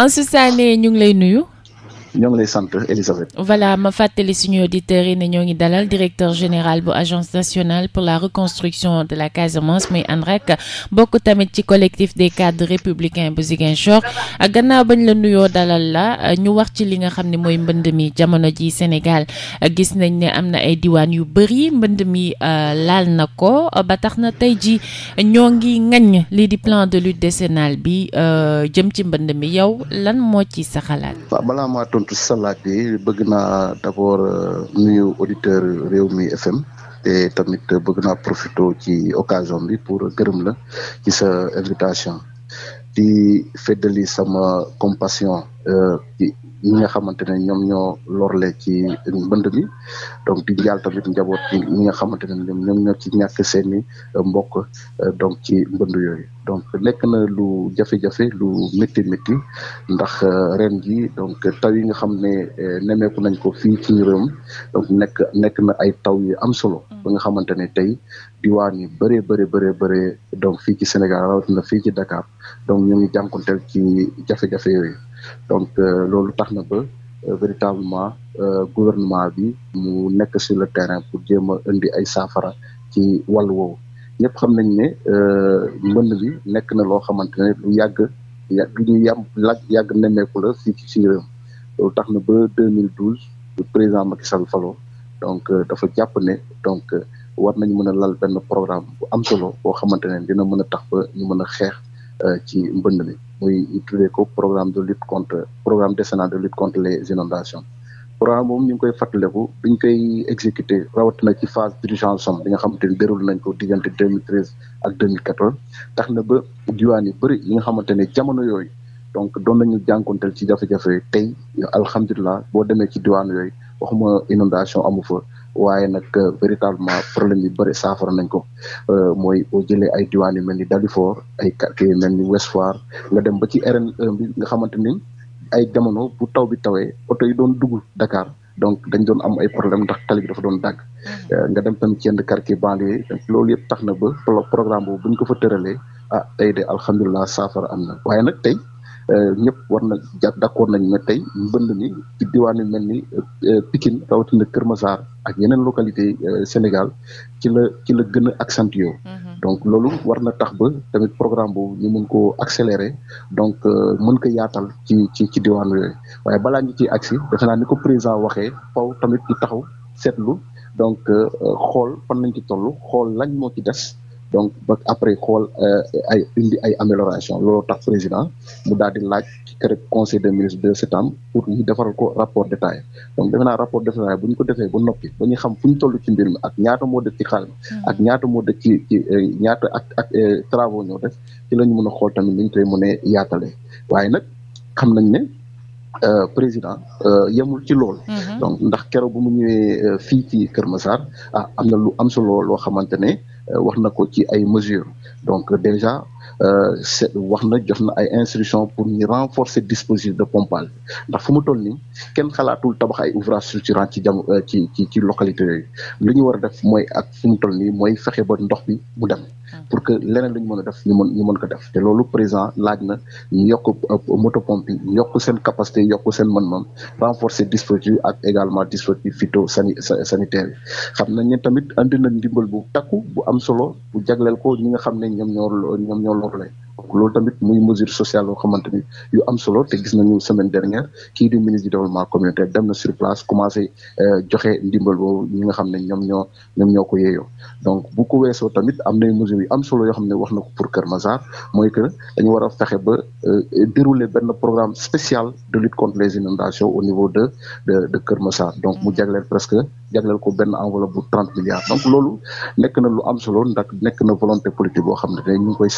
Ansu Sané ñu ngi lay nuyu ñoo ngi lay sant Elisabeth. voilà ma fàttali suñu auditeurs yi ne ñoo ngi dalal directeur général bu agence nationale pour la reconstruction de la Casamance muy ANRAC bokk tamit ci collectif des cadres républicains bu Ziguinchor gannaaw bañ la nuyoo dalal la ñu wax ci li nga xam ne mooy mbënd mi jamono ji Sénégal gis nañ ne am na ay diwaan yu bëri mbënd mi euh, laal na ko ba tax na tey ji ñoo ngi ŋaññ lii di plan de lutte décennal bi euh, jëm ci mbënd mi yow lan moo ci sa xalaat. tontu si bi bëgg naa d' abord euh, nuyu réew mi FM te tamit bëgg naa profito ci occasion bi pour gërëm la ci sa invitation di feddali sama compassion euh, ci ñi nga xamante ne ñoom ñoo lorle ci mbënd mi donc di njaal tamit njaboot ci ñi nga xamante ne ñoom ñoo ci ñàkk seeni euh, mbok donc ci mbënd yooyu donc nekk na lu jafe-jafe lu métti métti ndax euh, ren ji donc taw yi nga xam ne euh, nemeeku nañ ko fii ci réew mi nekk na ay taw yu am solo mm. ba nga xamante ne tey diwaan yi bëree bëri bëri bëri donc fii ci Sénégal rawatina fii ci Dakar donc ñu ngi jànkonteel ci jafe-jafe yooyu donc euh, loolu tax na ba véritablement gouvernement bi mu nekk sur le terrain pour jéem a indi ay saafara ci wàllu woowu ñëpp xam nañ ne euh, mbënd bi nekk na loo xamante ne lu yàgg lu ñu yàmb laaj yàgg nemmeeku la si ci si réew loolu tax na ba 2012 président Macky sal falo donc euh, dafa jàpp ne donc euh, war nañ mën a lal benn programme bu am solo boo xamante ne dina mën a tax ba ñu mën a xeex ci mbënd mi muy ñu tuddee ko programme de lutte contre programme décennal de lutte contre les inondations courant moom ñu ngi koy fàttaliku biñ koy exécuté rawatina ci phase d'urgence am bi nga xamante ni déroulé nañ ko diggante 2013 ak 2014 tax na ba diwaan yu bëri yi nga xamante ne jamono yooyu donc doon nañu jànkuwanteel ci jafe-jafe tey alhamdulilah boo demee ci diwaan yooyu waxuma inondation amu fa waaye nag euh, véritablement problème yu bëri saafara nañ ko euh, mooy boo jëlee ay diwaan yu mel ni Dalifort ay quartier yu mel ni Ouest Foire nga dem ba ci rn nga xamante ni. ay jamono bu taw bi tawee oto yi doon dugg Dakar donc dañ doon am ay problème ndax tali bi dafa doon dagg. Mhm. Euh, nga dem tamit ci yenn quartier banlieue loolu yëpp tax na ba programme boobu bu ñu ko fa tëralee ah alhamdulilah saafara am na waaye nag tey. Euh, ñëpp war na ja d'accord nañ ne tey mbënd mi ci diwaan yu mel ni euh, euh, Pikine rawatina Kër Massar ak yeneen localité Sénégal ci la ci la gën a accentué mm-hmm. donc loolu war na tax ba tamit programme boobu ñu mun koo accélérer donc mën ko yaatal ci ci ci diwaan yooyu waaye balaa ñu ciy agsi defe naa ni ko président waxee faw tamit taxaw seetlu donc xool fan lañ ci toll xool lañ moo ci des donc ba après xool euh, ay indi ay amélioration loolu tax président mu daal di laaj kër conseil de ministres de septembre pour ñu defaral ko rapport détaillé donc defe naa rapport détaillé bu ñu ko defee ba noppi ba ñu xam fu ñu toll ci mbir mi ak ñaata moo def ci xaalis hmm. ak ñaata moo def ci ci euh, ñaata ak ak euh, travaux ñoo def ci la mën a xool tamit ni ñu koy mën a yaatalee waaye nag xam nañ ne Euh, président euh, yemul ci lool hmm. donc ndax keroog bu mu ñëwee fii ci Kër Massar ah am na lu am solo loo xamante ne Euh, wax na ko ci ay mesures donc déjà euh, c'est wax na jox na ay instructions pour ñu renforcer dispositif de pompage ndax fu mu toll nii kenn xalaatul tabax ay ouvrage structurant ci jam euh, ci ci ci localité yoy li ñu war a def mooy ak fu mu toll nii mooy fexe ba ndox bi mu dem Ah. pour que leneen lu ñu mën a def ñu mën ñu mën ko def te loolu président laaj na ñu yokk euh, moto pompe yi yokk seen capacité yokk seen man mën renforcer dispositif ak également dispositif phytosanitaire yi xam nañ ñi tamit andi na ndimbal bu takku bu am solo bu jagleel ko ñi nga xam ne ñoom ñoo ñoom ñoo lorule donc loolu tamit muy mesure sociale yoo xamante ni yu am solo te gis nañu semaine dernière kii di ministre du développement communautaire dem na sur place commencé euh, joxe ndimbal boobu ñi nga xam ne ñoom ñoo ñoom ñoo ko yeeyoo donc bu ko weesoo tamit am na mesure yu am solo yoo xam ne wax na ko pour Kër Massar mooy que dañu war a fexe ba euh, dérouler benn programme spécial de lutte contre les inondations au niveau de de de Kër Massar donc mu jagleel presque jagleel ko benn enveloppe bu trente milliards donc loolu nekk na lu am solo ndax nekk na volonté politique boo xam ne te ñu ngi koy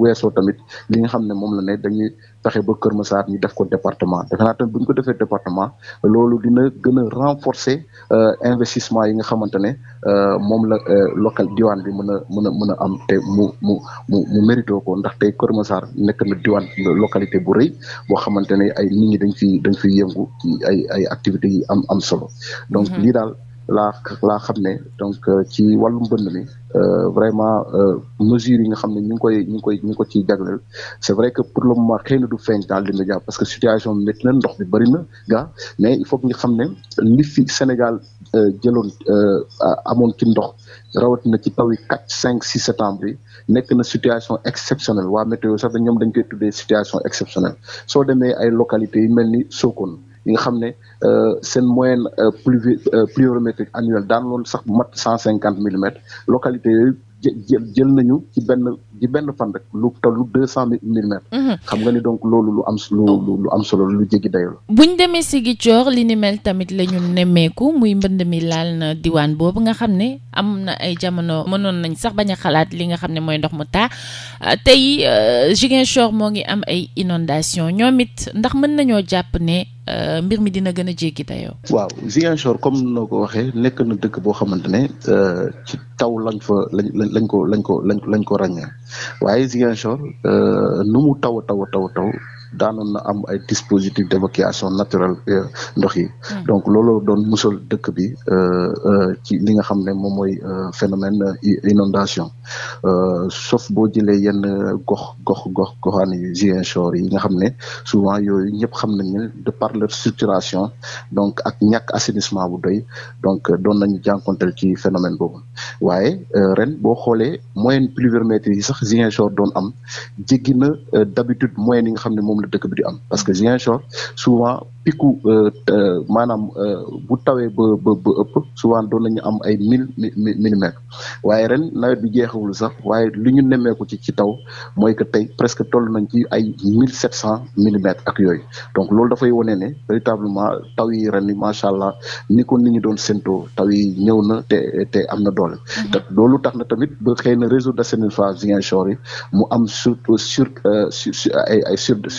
weesoo tamit li xam ne moom la ne dañuy fexe ba Kër Massar ñu def ko département defe naa ko defee département loolu dina gën a renforcer euh, investissement yi nga xamante ne euh, moom la euh, local diwaan bi mën a mën a mën a am te mu mu mu mu mérito ko ndax tey Kër Massar nekk na diwaan localité bu rëy boo xamante ne ay nit ñi dañ fi dañ fi yëngu ay ay activités yi am am solo donc mhm. lii daal la laa xam ne donc euh, ci wàllum bënd mi euh, vraiment euh, mesures yi nga xam ne ñu ngi koy ñu ngi koy ñu ngi ko ciy jagleel c'est vrai que pour le moment xëy na du feeñ daal di média parce que situation bi métti na ndox bi bëri na gaa mais il faut que ñu xam ne li fi Sénégal jëloon amoon ci ndox rawatina ci taw yi 4 5 6 septembre yi nekk na situation exceptionnelle waa météo sax ñoom dañ koy tuddee situation exceptionnelle soo demee ay localité yu mel ni Sokone yi nga xam ne euh, seen moyenne euh, pluvi euh, pluviométrique annuelle daan loolu sax mat cent cinquante millimètres localité yooyu jël nañu ci benn ci benn fan rek lu tollu deux cent millimètres mhm. xam nga ni donc loolu lu am lu lu am solo lu jéggi dayo la buñ demee si gi li ni mel tamit la ñu nemmeeku muy mbënd mi laal na diwaan boobu nga xam ne am na ay jamono mënoon nañ sax bañ a xalaat li nga xam ne mooy ndox mu taa tey Ziguinchor moo ngi am ay inondation ñoom it ndax mën nañoo jàpp ne Euh, mbir mi dina gën a jéggi dayoo. waaw Ziguinchor comme noo ko waxee nekk na dëkk boo xamante ne euh, ci taw lañ fa lañ lañ ko lañ ko lañ lañ ko ràññee waaye Ziguinchor euh, nu mu taw taw taw taw. daanoon na am ay dispositifs d'évacuation naturelle euh, ndox yi. Hmm. donc looloo doon musal dëkk bi euh, euh, ci li nga xam ne moom mooy phénomène inondation sauf boo jëlee yenn gox gox gox goxaan yi Ziguinchor yi nga xam ne souvent yooyu ñëpp xam nañ ne de par leur structuration donc ak ñàkk assainissement bu doy donc doon nañu jànkonteel ci phénomène boobu waaye ren boo xoolee moyenne pluviométrie yi sax Ziguinchor doon am jéggi na d'habitude moyenne xam ne moom moom la dëkk bi di am parce que Ziguinchor souvent piku euh, euh, maanaam euh, bu tawee ba ba ba ëpp souvent doon nañu am ay mille millimètres waaye ren nawet bi jeexawul sax waaye li ñu nemmeeku ci ci taw mooy que tey presque toll nañ ci ay mille sept cent millimètres ak yooyu donc loolu dafay wane ne véritablement taw yi ren yi macha allah ni ko doon séntoo taw yi ñëw na te te am na doole. Mhm. te loolu tax na tamit ba xëy na réseau d'assainissement Ziguinchor yi mu am surtout sur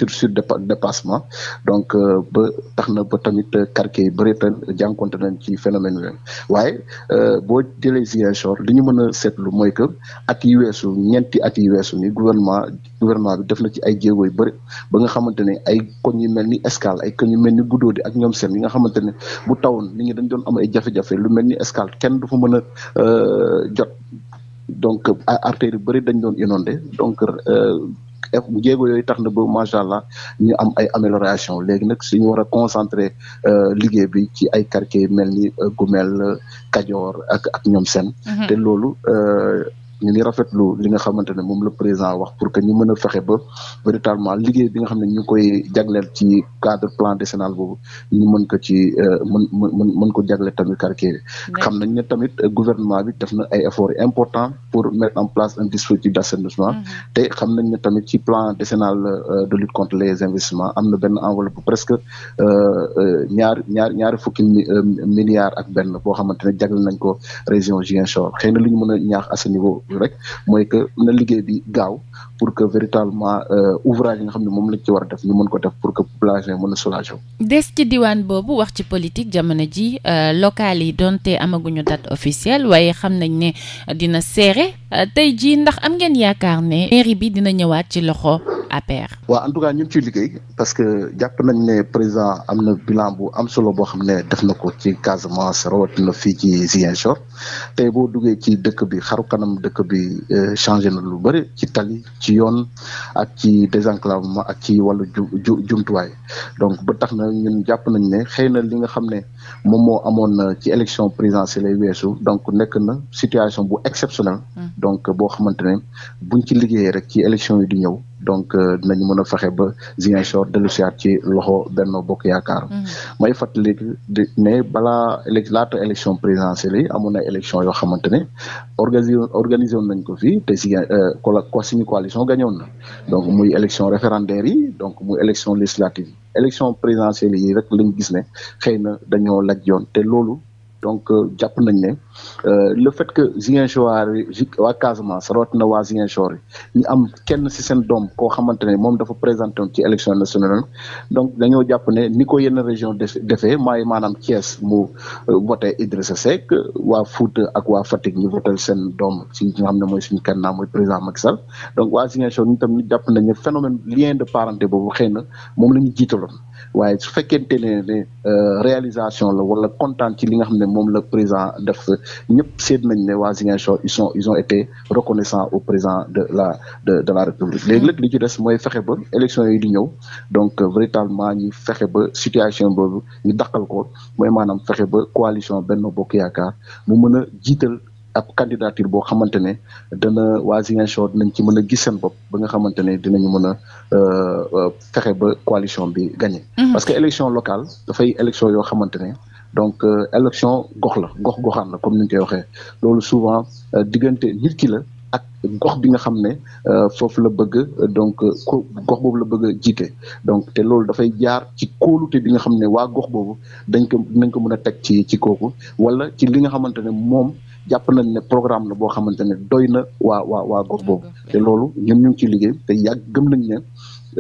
sur sur dépassement donc euh, ba tax na ba tamit euh, quartier yi bëri ta jànkuwante nañ ci phénomène yooyu waaye euh, boo jëlee Ziguinchor li ñu mën a seetlu mooy que at yi weesu ñeenti at yi weesu ni gouvernement gouvernement bi def na ci ay jéego yu bëri ba nga xamante ne ay koñ yu mel ni Escale ay koñ yu mel ni Goudomp ak ñoom seen yi nga xamante ne bu tawoon nit ñu dañ doon am ay jafe-jafe lu mel ni Escale kenn du fa mën a jot donc artères yu bëri dañ doon inondé donc. def jéego yooyu tax na ba macha allah ñu am ay amélioration léegi nag suñu war a concentré euh, liggéey bi ci ay quartiers yu mel ni euh, Gumel Kajoor ak ak ñoom seen mhm. te loolu euh, ñu ngi rafetlu li nga xamante ne moom la président wax pour que ñu mën a fexe ba véritablement liggéey bi nga xam ne ñu ngi koy jagleel ci cadre plan décennal boobu ñu mën ko ci euh, mën mën mën ko jagleel tamit quartier yi xam nañ ne tamit gouvernement bi def na ay efforts importants pour en place un dispositif d'assainissement mhm. te xam nañ ne tamit ci plan décennal euh, de lutte contre les investissements am na benn enveloppe presque euh, ñaar ñaar ñaari fukki milliards ak benn boo xamante ne jagleel nañ ko région Ziguinchor xëy na li ñu mën a ñaax à ce rek mooy que na liggéey bi gaaw pour que véritablement euh, ouvrage yi nga xam ne moom lañ ci war a def ñu mën ko def pour que population yi mën a des ci diwaan boobu wax ci politique jamono ji euh, locales yi donte amaguñu date officielle waaye xam nañ ne dina serré euh, tey jii ndax am ngeen yaakaar ne mairie bi dina ñëwaat ci loxo APR. waaw en tout cas ñu ngi ciy liggéey parce que jàpp nañ ne président am na bilan bu am solo boo xam ne def na ko ci Casamance na fii ci Ziguinchor tey boo duggee ci dëkk bi xaru kanam dëkk bi euh, changé na lu bëri ci tali ci yoon ak ci désenclavement ak ci wàllu ju jumtuwaay donc ba tax na ñun jàpp nañ ne xëy na li nga xam ne moom moo amoon euh, ci élection présidentielle weesu donc nekk na situation bu exceptionnelle mm. donc boo xamante ne buñ ci liggéeyee rek ci élection yi di ñëw donc euh, dinañu mën a fexe ba Ziguinchor dellusiwaat ci loxo Benno Bokk Yaakaar. Mm-hmm. may fàttali ne balaa laata élection présidentielle yi amoon na élection yoo xamante ne organiser organisé woon nañ ko fii te si ko euh, suñu coalition gañoon na donc muy élection référendaire yi donc muy élection législative yi élection présidentielle yi rek lañ gis ne xëy na dañoo laj yoon te loolu. donc euh, jàpp nañ ne euh, le fait que Ziguinchor yi waa Casamance rawatina waa Ziguinchor yi ñu am kenn si seen doom koo xamante ne moom dafa présenté ci élection nationale donc dañoo jàpp ne ni ko yenn région defee maay maanaam Thiès mu euh, voté Idrissa Seck waa Fouta ak waa Fatick ñu voté seen doom ci ñi nga xam ne mooy suñu candidat mooy président Macky Sall donc waa Ziguinchor ñu tam jàpp nañ ne phénomène lien de parenté boobu xëy na moom la ñu jiitaloon waaye su fekkente ne ne euh, réalisation la wala kontaan ci li nga xam ne moom la président def ñëpp seet nañ ne waa Ziguinchor ils sont ils ont été reconnaissants au président de la de la République mm-hmm. léegi nag li ci des mooy fexe ba élection yi di ñëw donc euh, véritablement ñi fexe ba situation boobu ñu daqal ko mooy maanaam fexe ba coalition Benno Bokk Yaakaar mu mën jiital ab candidature boo xamante ne dana waa Ziguinchor nañ ci mën a gis seen bopp ba nga xamante ne dinañu mën a euh, euh, fexe ba coalition bi gagné. Mhm. parce que élection locale dafay élection yoo xamante ne. donc euh, élection gox la gox goxaan la comme ni ñu koy waxee loolu souvent diggante nit ki la ak gox bi nga xam ne foofu la bëgg donc gox boobu la bëgg a donc te loolu dafay jaar ci kóolute bi nga xam ne waa gox boobu dañ ko dinañ ko mën a teg ci ci kooku wala ci li nga xamante ne moom jàpp nañ ne programme la boo xamante ne doy na waa waa waa gox boobu te loolu ñun ñu ngi ci liggéey te yàgg gëm nañ ne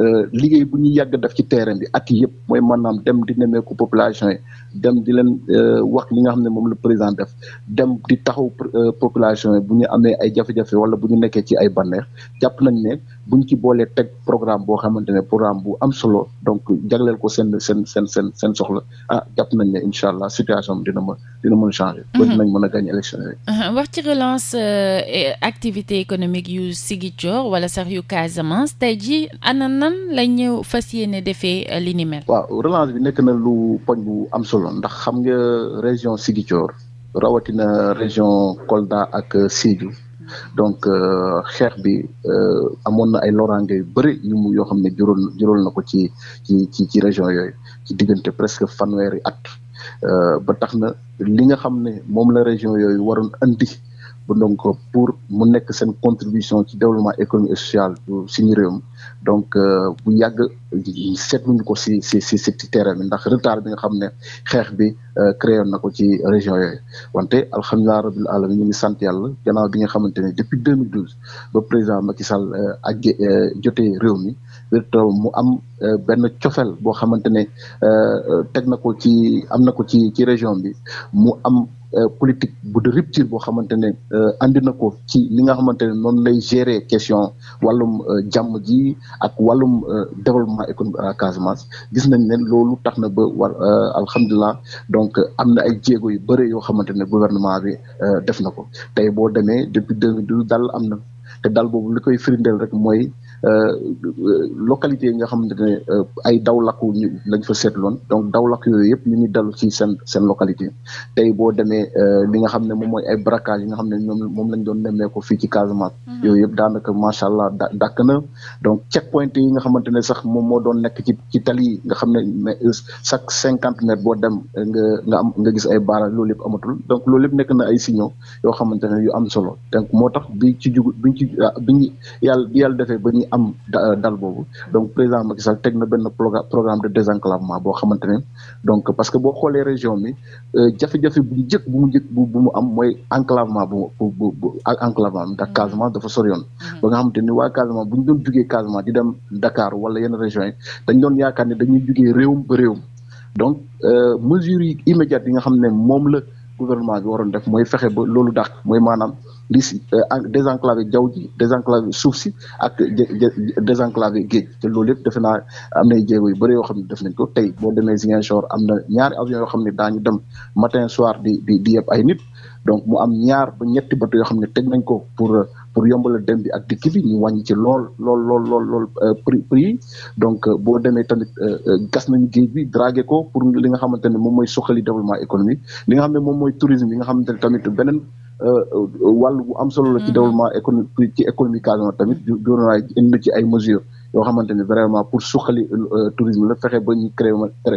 euh, liggéey bu ñu yàgg def ci terrain bi at yi yëpp mooy maanaam dem di nemmeeku population yi dem di leen euh, wax li nga xam ne moom la président def dem di taxaw euh, population yi bu ñu amee ay jafe-jafe wala bu ñu nekkee ci ay banneex jàpp nañ ne buñ ci boolee teg programme boo xamante ne programme bu am solo donc jagleel ko seen seen seen soxla ah jàpp nañ ne incha allah situation bi dina mën dina mën changer. Mhm. ba dinañ mën a gagné élection yi. Uh-huh. wax ci relance euh, activité économique yu Ziguinchor wala sax yu Casamance tey jii ana nan la ñëw fas yéene defee euh, li ni mel. waaw relance bi nekk na lu poñ bu am solo ndax xam nga région Ziguinchor rawatina région Kolda ak euh, Sédhiou. donc euh, xeex bi euh, amoon na ay loraange yu bëri yu yoo xam ne jural jural na ko ci ci ci ci région yooyu ci diggante presque fanweer fanweeri at euh, ba tax na li nga xam ne moom la région yooyu waroon andi donc pour mu nekk seen contribution ci développement économique et social bu suñu réew mi donc euh, bu yàgg seetluñu ko si si si ndax retard bi nga xam ne xeex bi euh, créé na ko ci région yooyu wante alhamdulilah rabil alamin ñu ngi sant yàlla gannaaw bi nga xamante ne depuis 2012 ba président Macky Sall ak euh, jote réew mi wérto mu am benn cofel boo xamante ne teg na ko ci am na ko ci ci région bi mu am Euh, politique bu de rupture boo xamante ne euh, andi na ko ci li nga xamante ne noonu lay gérer question wàllum euh, jàmm ji ak wàllum développement économique à Casamance gis nañ ne loolu tax na ba war alhamdulilah donc am na ay jéego yu bëre yoo xamante ne gouvernement bi def na ko tey boo demee depuis deux mille douze dal am na te dal boobu li koy firndeel rek mooy Euh, euh, localité yi nga xamante ne euh, ay daw lakku lañ fa seetloon donc daw lakk yooyu yëpp ñu ngi dellu ci seen seen localité tey boo demee li nga xam ne moom mooy ay braquage yi nga xam ne ñoom moom lañ doon nemmee ko fii ci Casamance mhm. yooyu yëpp daanaka macha allah da dàkk na donc checkpoint yi nga xamante ne sax moom moo doon nekk ci ci tali nga xam ne mais chaque cinquante mètres boo dem nga nga am gis ay bara loolu yëpp amatul donc loolu yëpp nekk na ay signaux yoo xamante ne yu am solo donc moo tax bi ci ah, defee ba ñu am euh, dal boobu donc président Macky Sall teg na benn programme de désenclavement boo xamante ne donc parce que boo xoolee région bi euh, jafe-jafe bu njëkk bu mu njëkk bu mu am mooy enclavement bu bu bu enclavement ndax mm-hmm. Casamance dafa soriyoon mm-hmm. ba nga xamante ni waa Casamance bu ñu doon jugee Casamance di wala yenn régions yi doon yaakaar ne dañuy jugee réewum ba réewum donc euh, mesures yi immédiates yi nga xam ne moom la gouvernement bi waroon def mooy fexe ba loolu dàq mooy maanaam li si euh, désenclavé jaww ji désenclavé suuf si ak désenclavé géej te loolu yëpp defe naa am nay jéego yu bëri yoo xam ne def nañ ko tey boo demee Ziguinchor am na ñaari avion yoo xam ne daañu dem matin soir di di di ay nit donc mu am ñaar ba ñetti bato yoo xam ne teg nañ ko pour pour yombala dem bi ak dikk bi ñu wàññi ci lool lool lool lool lool euh, yi donc euh, boo demee tamit gas nañu géej bi dragué ko pour li nga xamante ne moom mooy suqali développement économique li nga xam ne moom moy tourisme yi nga xamante ne tamit beneen Euh, euh, wàll bu am solo la ci mm-hmm. développement économique ci économie Casamance tamit gouvernement indi na ci ay mesures yoo xamante ni vraiment pour suqali euh, tourisme la fexe ba ñu créer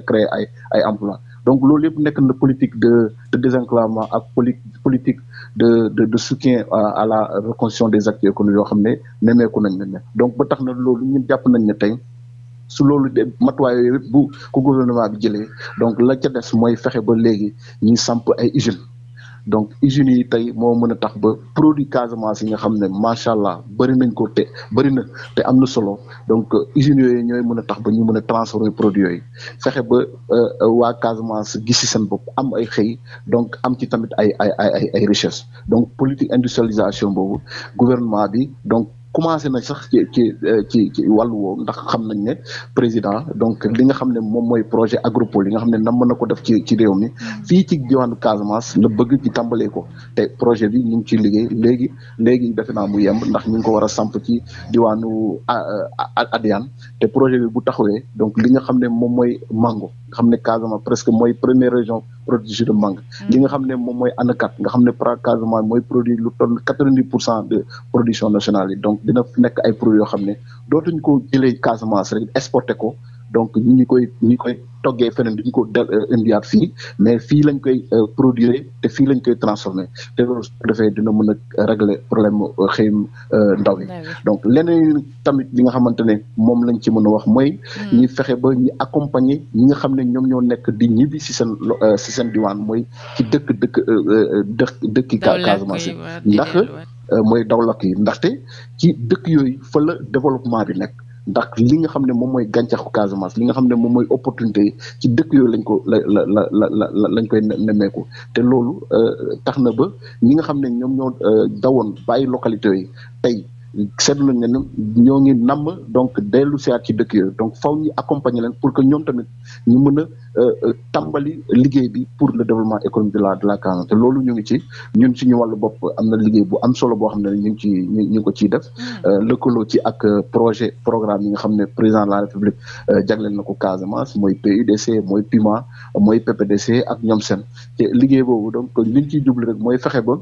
créer ay ay emploi donc loolu yëpp nekk na politique de de désenclavement ak politique de de de soutien à la reconstruction des acteurs économiques yoo xam ne nemmeeku nañ ne donc ba tax na loolu ñun jàpp nañ ne tey su loolu de matuwaay yooyu bu ko gouvernement bi jëlee donc la ca des mooy fexe ba léegi ñuy samp ay usines donc usines yi tey moo mën a tax ba produit Casamance yi nga xam ne macha allah bëri nañ ko te bëri na te am na solo donc euh, usines yooyu ñooy mën a tax ba ñu mën a transformer produit yooyu fexe ba euh, euh, waa Casamance gis si seen bopp am ay xëy donc am ci tamit ay ay ay ay richesse donc politique industrialisation boobu gouvernement bi donc. commencé nañ sax ci ci euh, ci ci wàllu woowu ndax xam nañ ne président donc li nga xam ne moom mooy projet agropole li nga xam ne nam mën na ko def ci ci réew mi mm. fii ci diwaanu Casamance la bëgg ci tàmbalee ko te projet bi ñu ngi ciy liggéey léegi léegi defe naa mu yemb ndax ñu ngi ko war a samp ci diwaanu euh, Adéane te projet bi bu taxawee donc li nga xam ne moom mooy mango nga xam ne Casamance presque mooy première région produit jus de mangue mm. li nga xam ne moom mooy anakat nga xam ne pra Casamance mooy produit lu toll quatre vingt pour cent de production nationale yi donc dina nekk ay produits yoo xam ne dootuñ ko jëlee Casamance rek exporté ko donc ñu koy ñu ngi koy toggee feneen duñ ko del euh, indiwaat fii mais fii lañ koy euh, produire te fii lañ koy transformer te loolu defee dina mën a régler problème euh, xëyum ndaw yi donc leneen tamit li nga xamante ne moom lañ ci mën a wax mooy hmm. ñi fexe ba ñi accompagner ñi nga xam ne ñoom ñoo nekk di ñibbi si seen si seen diwaan mooy ci dëkk dëkk dëkk dëkki Casamance ndax mooy dawlak yi ndaxte ci dëkk yooyu fa la développement bi nekk ndax li nga xam ne moom mooy gàncaxu Casamance li nga xam ne moom mooy opportunité yi ci dëkk yooyu lañ ko la la la la lañ koy nemmeeku te loolu euh, tax na ba ñi nga xam ne ñoom ñoo euh, dawoon bàyyi localité yi tey seetlu nañ ne ñoo ngi namm donc dellu si waat ci dëkk yooyu donc faw ñu accompagner leen pour que ñoom tamit ñu mën a euh, euh, tàmbali liggéey bi pour le développement économique de la Casamance te loolu ñu ngi ci ñun suñu wàllu bopp am na liggéey bu am solo boo xam ne ñu ngi ci ñu ko ciy def mm. euh, lëkkaloo ci ak projet programme yi nga xam ne président la République jagleel na ko Casamance mooy PUDC mooy PUMA mooy PPDC ak ñoom seen te liggéey boobu donc liñ ciy jublu rek mooy fexe ba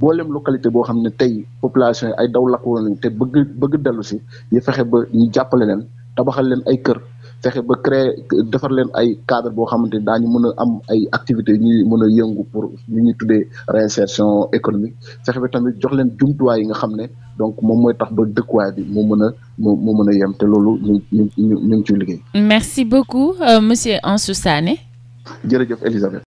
boolem localité boo xam ne tey population yi ay daw lakk woon te bëgg bëgg dellu si ñu fexe ba ñu jàppale leen tabaxal leen ay kër fexe ba créer defar leen ay cadre boo xamante daa ñu mën a am ay activités ñuy mën a yëngu pour ñu ñuy tuddee réinsertion économique fexe ba tamit jox leen jumtuwaay yi nga xam ne donc moom mooy tax ba dëkkuwaay bi mu mën a mu mu mën a yem te loolu ñu ñu ñu ñu ngi ciy liggéey. merci beaucoup euh, monsieur Ansou Sané. jërëjëf Elisabeth.